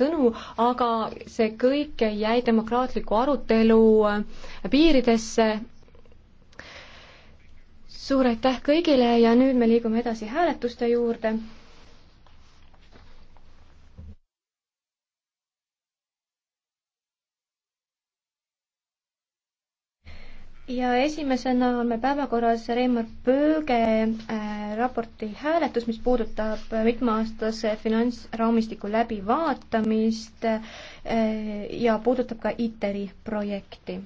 sõnu, aga see kõik jäi demokraatliku arutelu äh, piiridesse. suur aitäh kõigile ja nüüd me liigume edasi hääletuste juurde ja esimesena on meil päevakorras Reimar Pööge äh, raporti hääletus, mis puudutab äh, mitmeaastase finantsraamistiku läbivaatamist äh, ja puudutab ka ITER-i projekti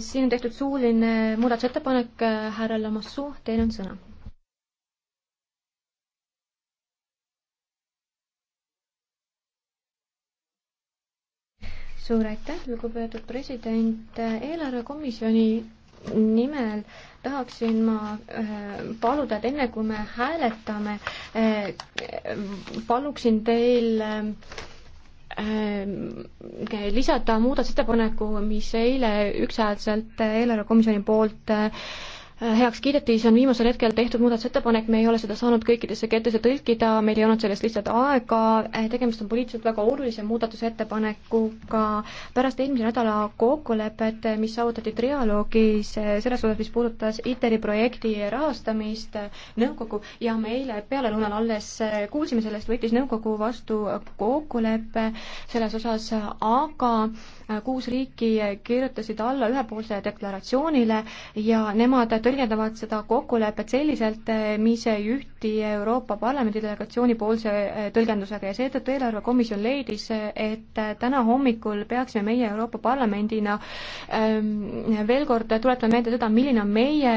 siin on tehtud suuline muudatusettepanek, härra Lamassu, teil on sõna suur aitäh, lugupeetud president, eelarvekomisjoni nimel tahaksin ma äh, paluda, et enne kui me hääletame, äh, paluksin teil äh, lisada muudatusettepaneku, mis eile ükshäälselt eelarvekomisjoni poolt heaks kiideti, see on viimasel hetkel tehtud muudatusettepanek, me ei ole seda saanud kõikidesse kettesse tõlkida, meil ei olnud sellest lihtsalt aega, tegemist on poliitiliselt väga olulise muudatusettepanekuga pärast eelmise nädala kokkulepet, mis saavutati trialoogis selles osas, mis puudutas ITER-i projekti rahastamist, nõukogu, ja me eile pealelõunal alles kuulsime sellest, võttis nõukogu vastu kokkuleppe selles osas, aga Äh, kuus riiki kirjutasid alla ühepoolsele deklaratsioonile ja nemad tõlgendavad seda kokkulepet selliselt, äh, mis ei ühti Euroopa Parlamendi delegatsiooni poolse äh, tõlgendusega ja seetõttu eelarvekomisjon leidis, et täna hommikul peaksime meie Euroopa Parlamendina ähm, veel kord tuletama meelde seda, milline on meie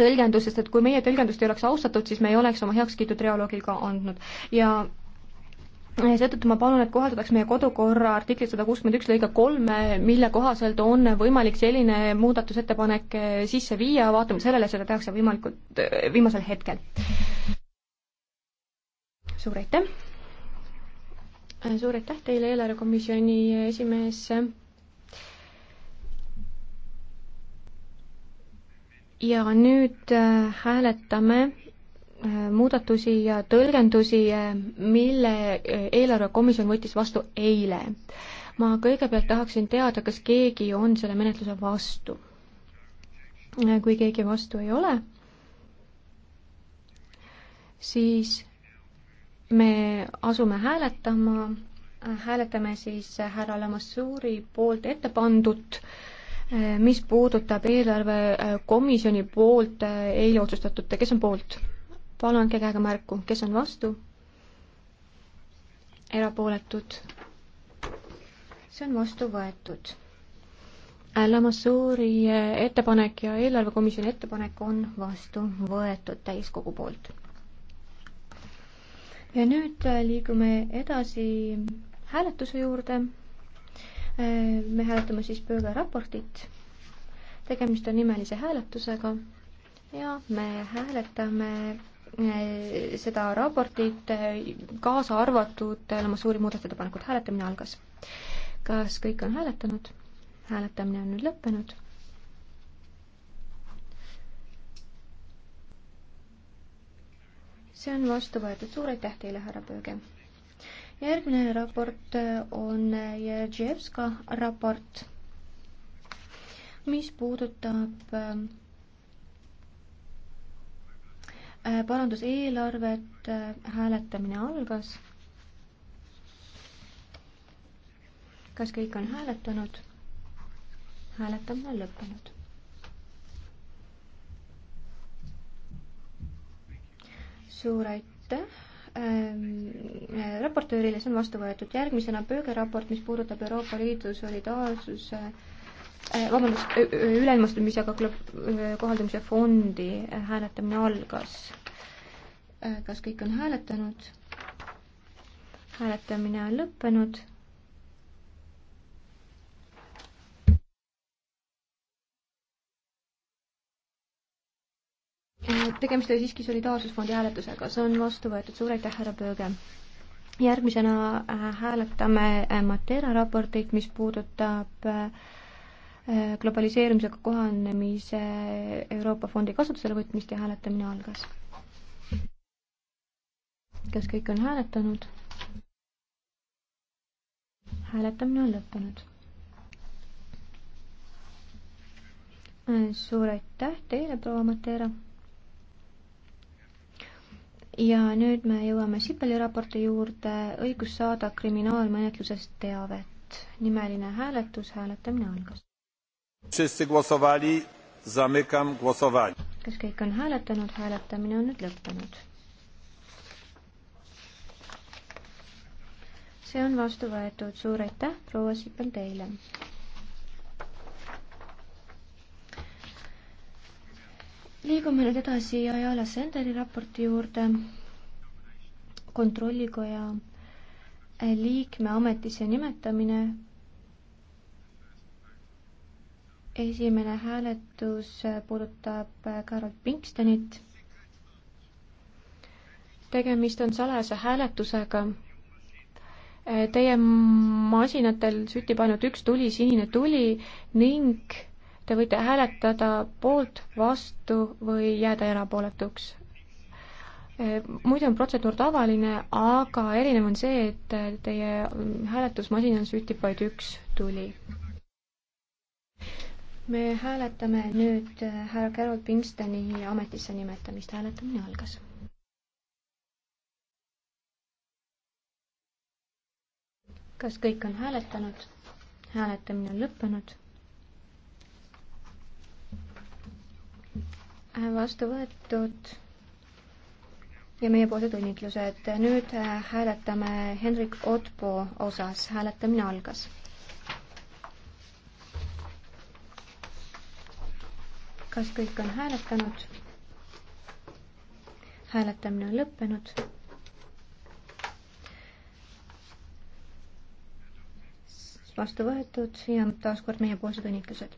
tõlgendus, sest et kui meie tõlgendust ei oleks austatud, siis me ei oleks oma heakskiitu trialoogil ka andnud ja seetõttu ma palun, et kohaldataks meie kodukorra artikli sada kuuskümmend üks lõige kolme, mille kohaselt on võimalik selline muudatusettepanek eh, sisse viia, vaatamata sellele, seda tehakse võimalikult eh, viimasel hetkel. suur aitäh! suur aitäh teile, eelarvekomisjoni esimees! ja nüüd eh, hääletame muudatusi ja tõlgendusi, mille eelarvekomisjon võttis vastu eile. ma kõigepealt tahaksin teada, kas keegi on selle menetluse vastu. kui keegi vastu ei ole, siis me asume hääletama, hääletame siis härra Lamassuuri poolt ette pandut, mis puudutab eelarvekomisjoni poolt eile otsustatut, kes on poolt? palun andke käega märku, kes on vastu, erapooletud, see on vastu võetud. Lamassuuri ettepanek ja eelarvekomisjoni ettepanek on vastu võetud täiskogu poolt. ja nüüd äh, liigume edasi hääletuse juurde. Äh, me hääletame siis Pööga raportit tegemist on nimelise hääletusega ja me hääletame Äh, seda raportit, äh, kaasa arvatud äh, suuri muudatusettepanekud, hääletamine algas. kas kõik on hääletanud? hääletamine on nüüd lõppenud. see on vastu võetud, suur aitäh teile, härra Pööge. järgmine raport on Jertševska raport, mis puudutab äh, Äh, paranduseelarvet, äh, hääletamine algas. kas kõik on hääletanud? hääletamine on lõppenud. suur aitäh ähm, äh, raportöörile, see on vastu võetud. järgmisena pöögeraport, mis puudutab Euroopa Liidu solidaarsuse Äh, vabandust, üleilmastumisega äh, kohaldamise fondi äh, hääletamine algas. kas kõik on hääletanud? hääletamine on lõppenud. tegemist oli siiski solidaarsusfondi hääletusega, see on vastu võetud, suur aitäh, härra Pööge. järgmisena hääletame Matera raportit, mis puudutab äh, globaliseerumisega kohanemise Euroopa Fondi kasutusele võtmist ja hääletamine algas. kas kõik on hääletanud? hääletamine on lõppenud. suur aitäh teile, proua Mateera. ja nüüd me jõuame Sipeli raporti juurde, õigus saada kriminaalmenetluses teavet. nimeline hääletus, hääletamine algas kas kõik on hääletanud, hääletamine on nüüd lõppenud. see on vastu võetud, suur aitäh, proua Sipel teile. liigume nüüd edasi Ajala Senderi raporti juurde. kontrollikoja liikme ametisse nimetamine esimene hääletus puudutab Carol Pinkstonit. tegemist on salajase hääletusega. Teie masinatel süttib ainult üks tuli, sinine tuli ning te võite hääletada poolt, vastu või jääda erapooletuks. muidu on protseduur tavaline, aga erinev on see, et teie hääletusmasinal süttib vaid üks tuli me hääletame nüüd äh, härra Carol Pinkstoni ametisse nimetamist, hääletamine algas kas kõik on hääletanud? hääletamine on lõppenud. Äh, vastu võetud ja meiepoolsed õnnitlused. nüüd äh, hääletame Hendrik Otpo osas, hääletamine algas kas kõik on hääletanud? hääletamine on lõppenud. vastu võetud ja taaskord meiepoolsed õnnitlused.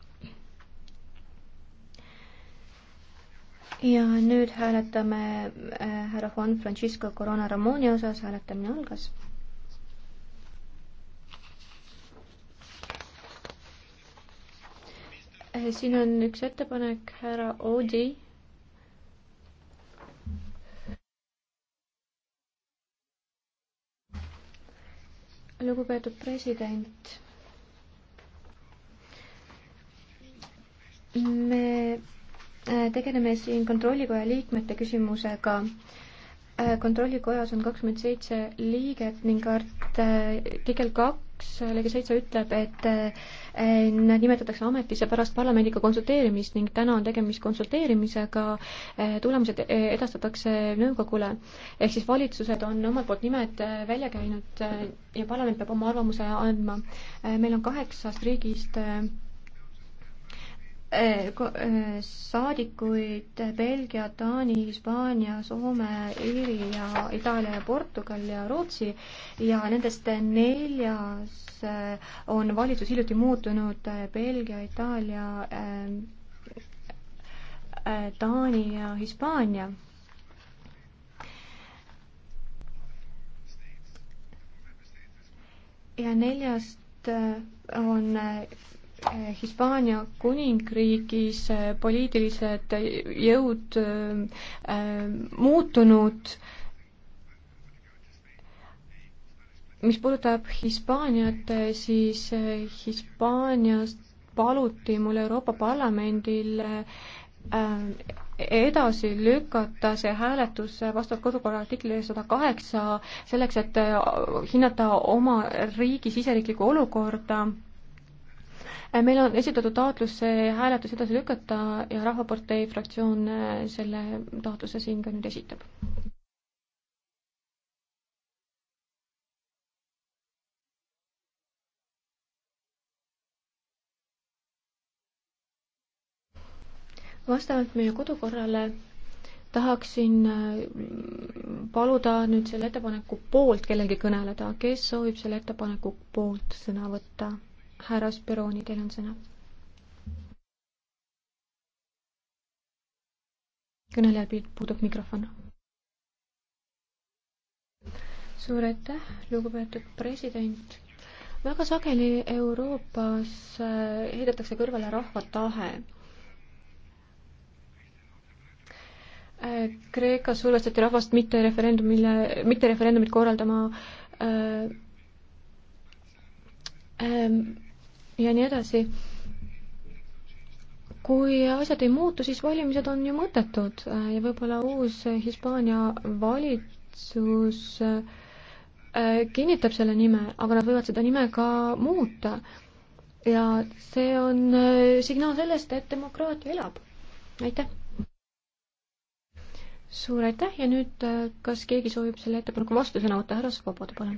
ja nüüd hääletame äh, härra Juan Francisco Corona Ramoni osas, hääletamine algas Eh, siin on üks ettepanek härra Oudi. lugupeetud president. me eh, tegeleme siin kontrollikoja liikmete küsimusega eh, kontrollikojas on kakskümmend seitse liiget ning artikkel kaks üks lõige seitse ütleb, et eh, nad nimetatakse ametisse pärast parlamendiga konsulteerimist ning täna on tegemist konsulteerimisega, eh, tulemused eh, edastatakse nõukogule. ehk siis valitsused on omalt poolt nimed välja käinud ja parlament peab oma arvamuse andma. meil on kaheksast riigist Eh, eh, saadikuid Belgia, Taani, Hispaania, Soome, Iiri ja Itaalia ja Portugal ja Rootsi ja nendest neljas eh, on valitsus hiljuti muutunud Belgia, Itaalia, Taani ja Hispaania ja neljast on Hispaania kuningriigis äh, poliitilised jõud äh, muutunud. mis puudutab Hispaaniat, äh, siis Hispaaniast paluti mul Euroopa Parlamendil edasi lükata see hääletus vastavalt kodukorra artiklile sada kaheksa, selleks et hinnata oma riigi siseriiklikku olukorda Äh, meil on esitatud taotlus see hääletus edasi lükata ja Rahvapartei fraktsioon äh, selle taotluse siin ka nüüd esitab. vastavalt meie kodukorrale tahaksin äh, paluda nüüd selle ettepaneku poolt kellelgi kõneleda, kes soovib selle ettepaneku poolt sõna võtta? härra Speroni, teil on sõna. kõnelejal puudub mikrofon. suur aitäh, lugupeetud president väga sageli Euroopas heidetakse äh, kõrvale rahva tahe. Äh, Kreekas survestati rahvast mitte referendumile, mitte referendumit korraldama äh, ähm,. Ähm, ja nii edasi. kui asjad ei muutu, siis valimised on ju mõttetud äh, ja võib-olla uus Hispaania valitsus äh, kinnitab selle nime, aga nad võivad seda nime ka muuta. ja see on äh, signaal sellest, et demokraatia elab. aitäh! suur aitäh ja nüüd, äh, kas keegi soovib selle ettepaneku vastusõna võtta, härra Svoboda, palun.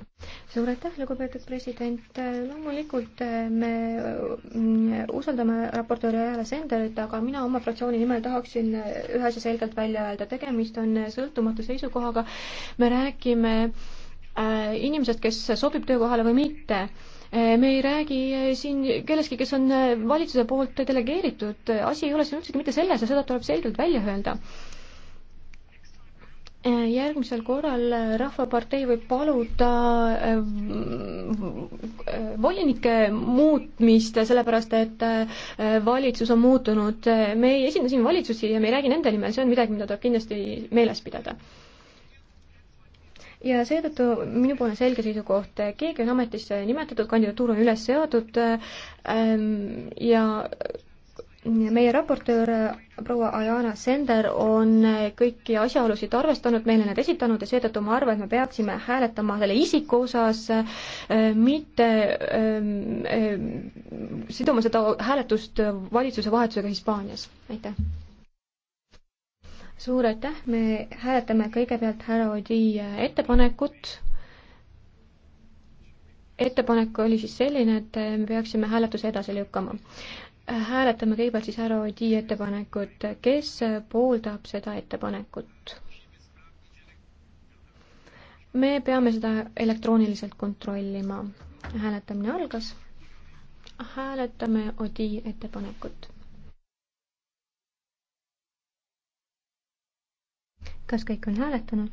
suur aitäh, lugupeetud president, äh, loomulikult äh, me usaldame raportööri Ajala Senderit, aga mina oma fraktsiooni nimel tahaksin ühe asja selgelt välja öelda, tegemist on sõltumatu seisukohaga, me räägime inimesest, kes sobib töökohale või mitte me ei räägi siin kellestki, kes on valitsuse poolt delegeeritud, asi ei ole siin üldsegi mitte selles ja seda tuleb selgelt välja öelda järgmisel korral Rahvapartei võib paluda äh, äh, volinike muutmist, sellepärast et äh, valitsus on muutunud. me ei esinda siin valitsusi ja me ei räägi nende nimel, see on midagi, mida tuleb kindlasti meeles pidada. ja seetõttu minupoolne selge seisukoht, keegi on ametisse nimetatud, kandidatuur on üles seatud ähm, ja meie raportöör proua Ajana Sender on kõiki asjaolusid arvestanud, meile need esitanud ja seetõttu ma arvan, et me peaksime hääletama selle isiku osas, äh, mitte ähm, ähm, siduma seda hääletust valitsuse vahetusega Hispaanias. aitäh! suur aitäh, me hääletame kõigepealt härra Odi ettepanekut ettepanek oli siis selline, et me peaksime hääletuse edasi lükkama hääletame kõigepealt siis härra Odi ettepanekut, kes pooldab seda ettepanekut? me peame seda elektrooniliselt kontrollima. hääletamine algas. hääletame Odi ettepanekut. kas kõik on hääletanud?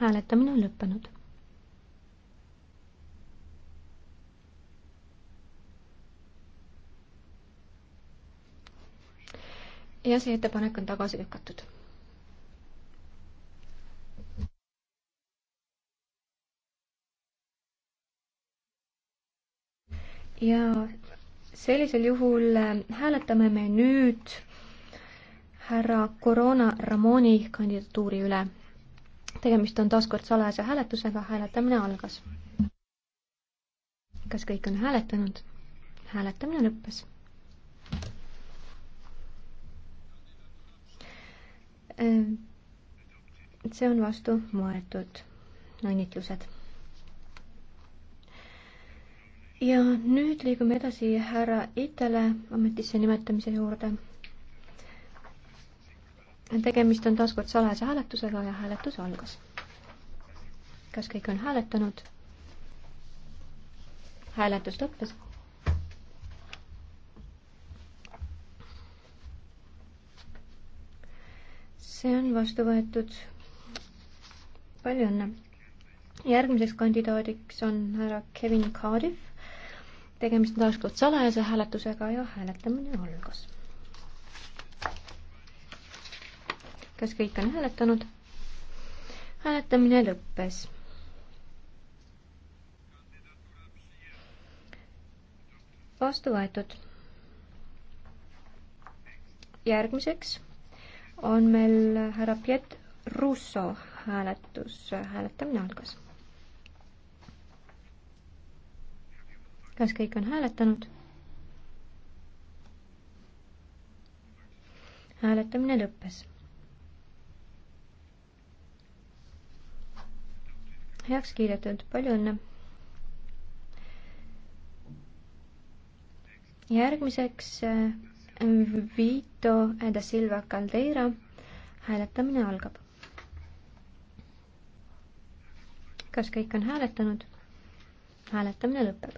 hääletamine on lõppenud ja see ettepanek on tagasi lükatud. ja sellisel juhul äh, hääletame me nüüd härra Corona Ramoni kandidatuuri üle. tegemist on taaskord salajase hääletusega, hääletamine algas. kas kõik on hääletanud? hääletamine lõppes Ehm, see on vastu võetud. õnnitlused. ja nüüd liigume edasi härra Itele ametisse nimetamise juurde. tegemist on taaskord salajase hääletusega ja hääletus algas. kas kõik on hääletanud? hääletus lõppes see on vastu võetud. palju õnne. järgmiseks kandidaadiks on härra Kevin Cardiff. tegemist on taas kord salajase hääletusega ja hääletamine algas. kas kõik on hääletanud? hääletamine lõppes vastu võetud. järgmiseks on meil härra Piet Russo hääletus, hääletamine algas. kas kõik on hääletanud? hääletamine lõppes. heaks kiidetud, palju õnne. järgmiseks Vito da Silva Caldeira. hääletamine algab. kas kõik on hääletanud? hääletamine lõpeb.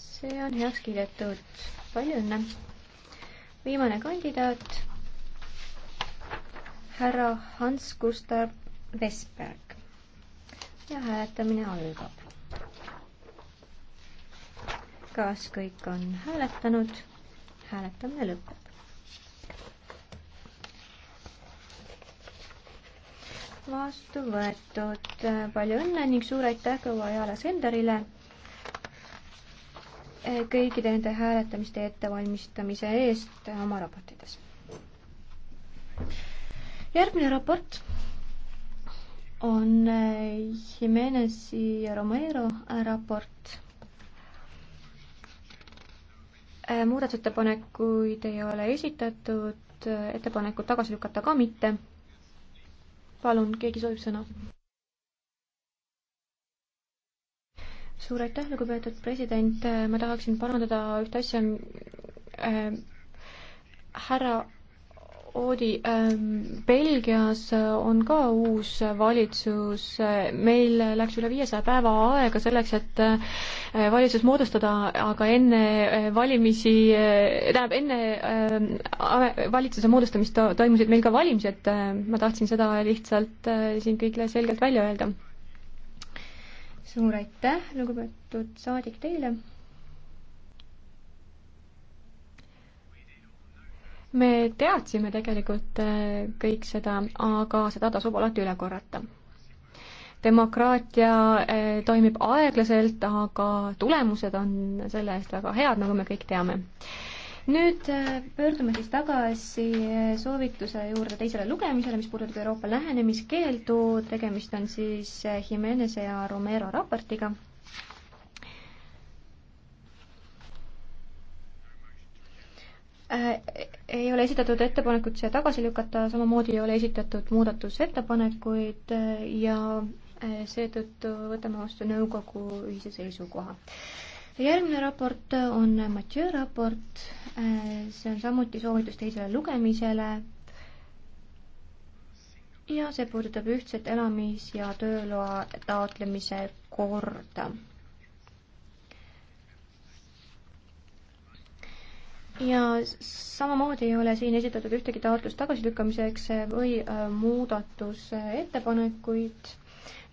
see on heaks kiidetud. palju õnne. viimane kandidaat, härra Hans-Gustav Vesberg ja hääletamine algab. kas kõik on hääletanud? hääletamine lõpeb. vastu võetud, palju õnne ning suur aitäh proua Jaala Senderile kõikide nende hääletamiste ettevalmistamise eest oma raportides. järgmine raport on eh, Jimenezi ja Romero raport. Eh, muudatusettepanekuid ei ole esitatud, eh, ettepanekut tagasi lükata ka mitte. palun, keegi soovib sõna? suur aitäh, lugupeetud president, ma tahaksin parandada ühte asja äh,. härra Oodi, ähm, Belgias äh, on ka uus valitsus, meil läks üle viiesaja päeva aega selleks, et äh, valitsus moodustada, aga enne äh, valimisi, tähendab, enne valitsuse moodustamist toimusid meil ka valimised, ma tahtsin seda lihtsalt siin kõigile selgelt välja öelda. suur aitäh, lugupeetud saadik teile! me teadsime tegelikult äh, kõik seda, aga seda tasub alati üle korrata. demokraatia äh, toimib aeglaselt, aga tulemused on selle eest väga head, nagu me kõik teame. nüüd äh, pöördume siis tagasi soovituse juurde teisele lugemisele, mis puudutab Euroopa lähenemiskeeldu, tegemist on siis Jimeneze ja Romero raportiga äh, ei ole esitatud ettepanekut see tagasi lükata, samamoodi ei ole esitatud muudatusettepanekuid äh, ja äh, seetõttu võtame vastu nõukogu ühise seisukoha. järgmine raport on Mathieu raport, äh, see on samuti soovitus teisele lugemisele ja see puudutab ühtset elamis- ja tööloa taotlemise korda ja samamoodi ei ole siin esitatud ühtegi taotlust tagasilükkamiseks või äh, muudatusettepanekuid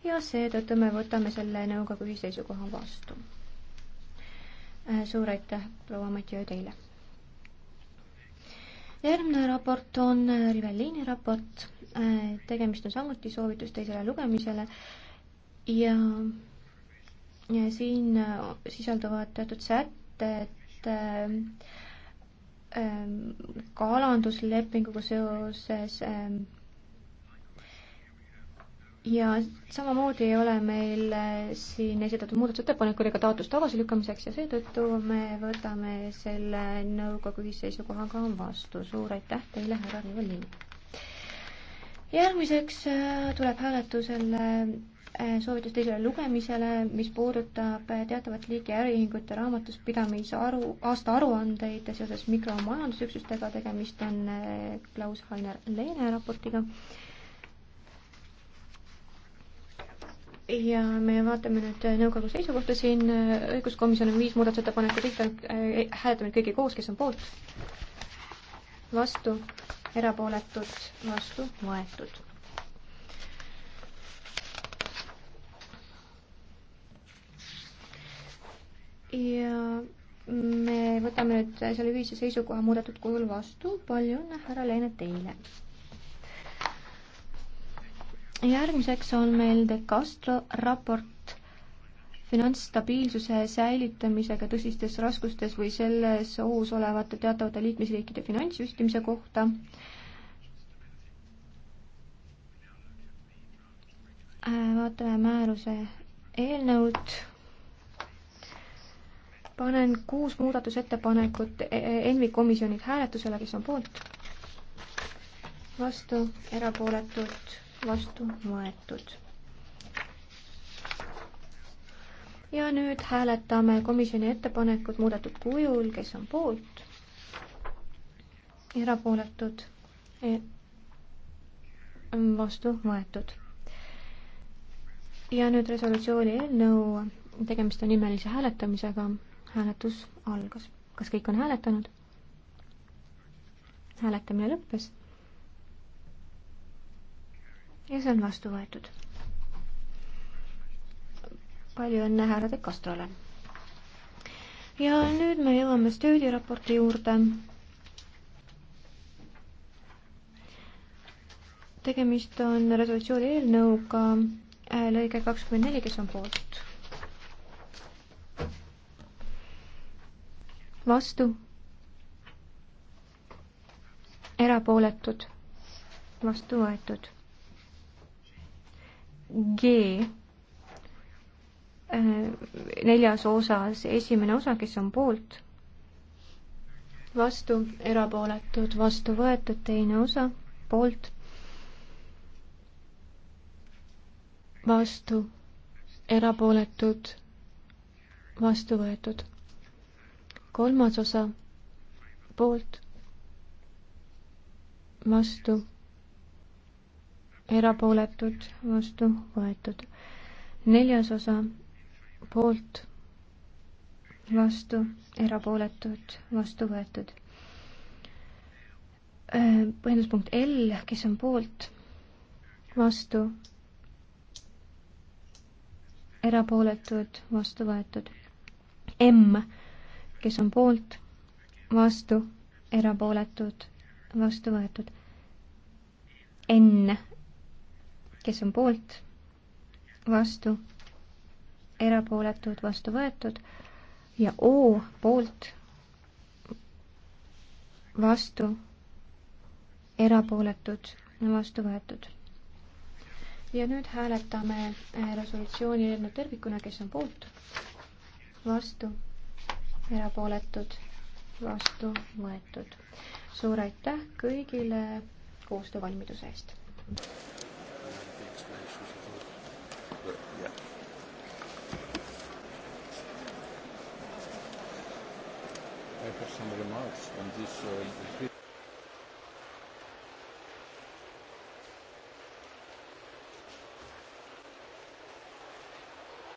ja seetõttu me võtame selle nõukogu ühiseisukoha vastu. Äh, suur aitäh, proua Matjõe, teile! järgmine raport on äh, Rivellini raport, tegemist on samuti soovitus teisele lugemisele ja, ja siin sisalduvad teatud sätted, Ähm, kalanduslepinguga seoses. Ähm, ja samamoodi ei ole meil äh, siin esitatud muudatusettepanekuid ega taotlust tagasilükkamiseks ja seetõttu me võtame selle nõukogu ühisseisukohaga vastu. suur aitäh teile, härra Rivali. järgmiseks äh, tuleb hääletusele Eh, soovitus teisele lugemisele, mis puudutab eh, teatavat liiki äriühingute raamatuspidamise aru, aastaaruandeid seoses mikromajandusüksustega, tegemist on eh, Klaus-Heiner Leene raportiga. ja me vaatame nüüd nõukogu seisukohta siin, õiguskomisjon on viis muudatusettepanekut esitanud, hääletame kõigi koos, kes on poolt, vastu, erapooletud, vastu, võetud ja me võtame nüüd selle ühise seisukoha muudetud kujul vastu. palju õnne, härra Leene, teile! järgmiseks on meil De Castro raport finantsstabiilsuse säilitamisega tõsistes raskustes või selles ohus olevate teatavate liikmesriikide finantsjuhtimise kohta. Äh, vaatame määruse eelnõud panen kuus muudatusettepanekut e-, e-, ENVI komisjonilt hääletusele, kes on poolt, vastu, erapooletud, vastu võetud. ja nüüd hääletame komisjoni ettepanekut muudetud kujul, kes on poolt, erapooletud e, vastu võetud. ja nüüd resolutsiooni eelnõu, tegemist on nimelise hääletamisega hääletus algas. kas kõik on hääletanud? hääletamine lõppes. ja see on vastu võetud. palju õnne härra De Castrole. ja nüüd me jõuame Stöödi raporti juurde. tegemist on resolutsiooni eelnõuga äh, lõige kakskümmend neli, kes on poolt vastu, erapooletud, vastu võetud. G äh, neljas osas esimene osa, kes on poolt, vastu, erapooletud, vastu võetud, teine osa, poolt, vastu, erapooletud, vastu võetud kolmas osa poolt, vastu, erapooletud, vastu võetud. neljas osa poolt, vastu, erapooletud, vastu võetud. Äh, põhjenduspunkt L, kes on poolt, vastu, erapooletud, vastu võetud. M kes on poolt, vastu, erapooletud, vastu võetud. N, kes on poolt, vastu, erapooletud, vastu võetud ja O poolt, vastu, erapooletud, vastu võetud ja nüüd hääletame eh, resolutsiooni eelnõu tervikuna, kes on poolt, vastu erapooletud, vastu võetud. suur aitäh kõigile koostöövalmiduse eest. I have some remarks on this. Uh,